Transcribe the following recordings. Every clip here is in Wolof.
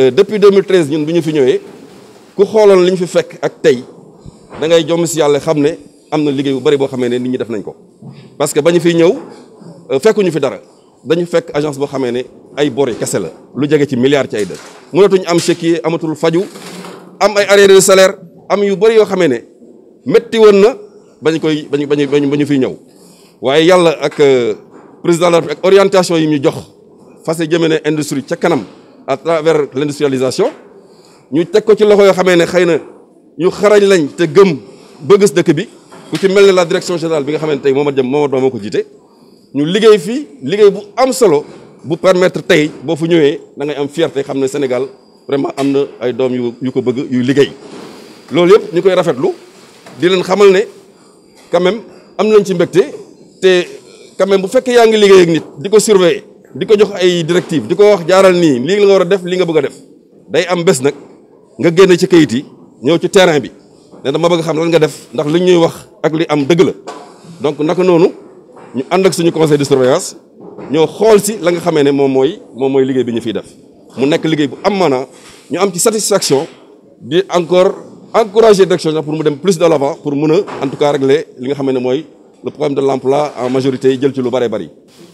Euh, depuis 2013 ñun bu ñu fi ñëwee ku xooloon li ñu fi fekk ak tey da ngay jomm si yàlla xam ne am na liggéey bu bari boo xamee ne nit ñi def nañ ko. parce que ba ñu fiy ñëw euh, fekkuñu fi dara dañu fekk agence boo xamee ne ay bori kese la lu jege ci milliards ci ay dër mënatuñu am chéquier amatul faju am ay arriérés salaire am yu bari yoo xamee ne métti woon na bañ koy bañ bañ ba ñu fiy ñëw waaye yàlla ak euh, président de la République ak orientation yi ñu jox fas jëmee ne industrie ca kanam. à travers l'industrialisation ñu teg ko ci loxo yoo xamee ne xëy na ñu xarañ lañ te gëm bëgg dëkk bi ku ci mel ne la direction générale bi nga xamante tey Momar Jam Momar Ba moo ko jiite ñu liggéey fii liggéey bu am solo bu permettre tey boo fu ñëwee da ngay am fierté xam ne Sénégal vraiment am na ay doom yu yu ko bëgg yu liggéey loolu yëpp ñu koy rafetlu di leen xamal ne quand am nañ ci mbégte te quand bu fekkee yaa ngi liggéey ak nit di ko surveiller di ko jox ay directive di ko wax jaaral nii lii la nga war a def li nga bëgg def day am bes nag nga génn ci kayit yi ñëw ci terrain bi ne dama bëgg xam lan nga def ndax li ñuy wax ak li am dëgg la donc naka noonu ñu ànd ak suñu conseil de surveillance ñoo xool si la nga xamee ne moom mooy moom mooy liggéey bi ñu fiy def mu nekk liggéey bu am maanaa ñu am ci satisfaction di encore encourager direction pour mu dem plus de l'avant pour mun a en tout cas régler li nga xamee mooy le problème de l'emploi en majorité jël ci lu bare bari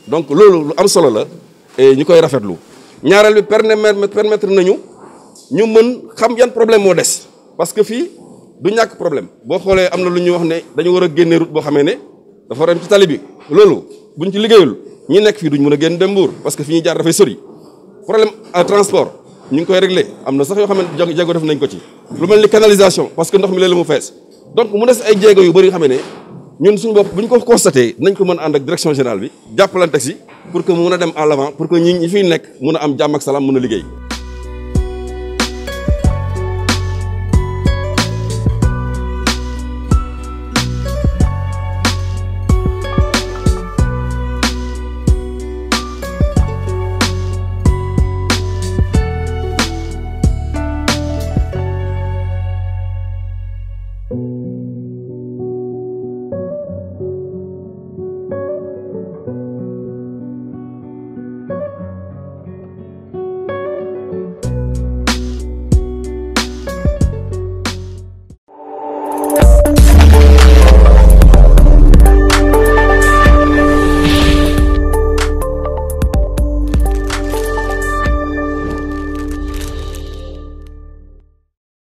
donc loolu lu am solo la et ñu koy rafetlu ñaareel bi permettre nañu ñu mën xam yan problème moo des parce que fii du ñàkk problème boo xoolee am na lu ñuy wax ne dañu war a génne boo xamee ne dafa war a dem ci tali bi loolu buñ ci liggéeyul ñi nekk fii duñ mën a génn dem Mbour parce que fi ñuy jaar dafay sori problème transport ñu ngi koy réglé am na sax yoo xam ne jéego def nañ ko ci lu mel ni canalisation parce que ndox mi léeg-léeg mu fees donc jéego yu bëri yoo xam ne ñun suñu bopp bu ñu ko constaté nañ ko mën a ànd ak direction générale bi jàppalante si pour que mu mun a dem en avant pour que ñi ñu fiy nekk mun a am jàmm ak salaam mun a liggéey.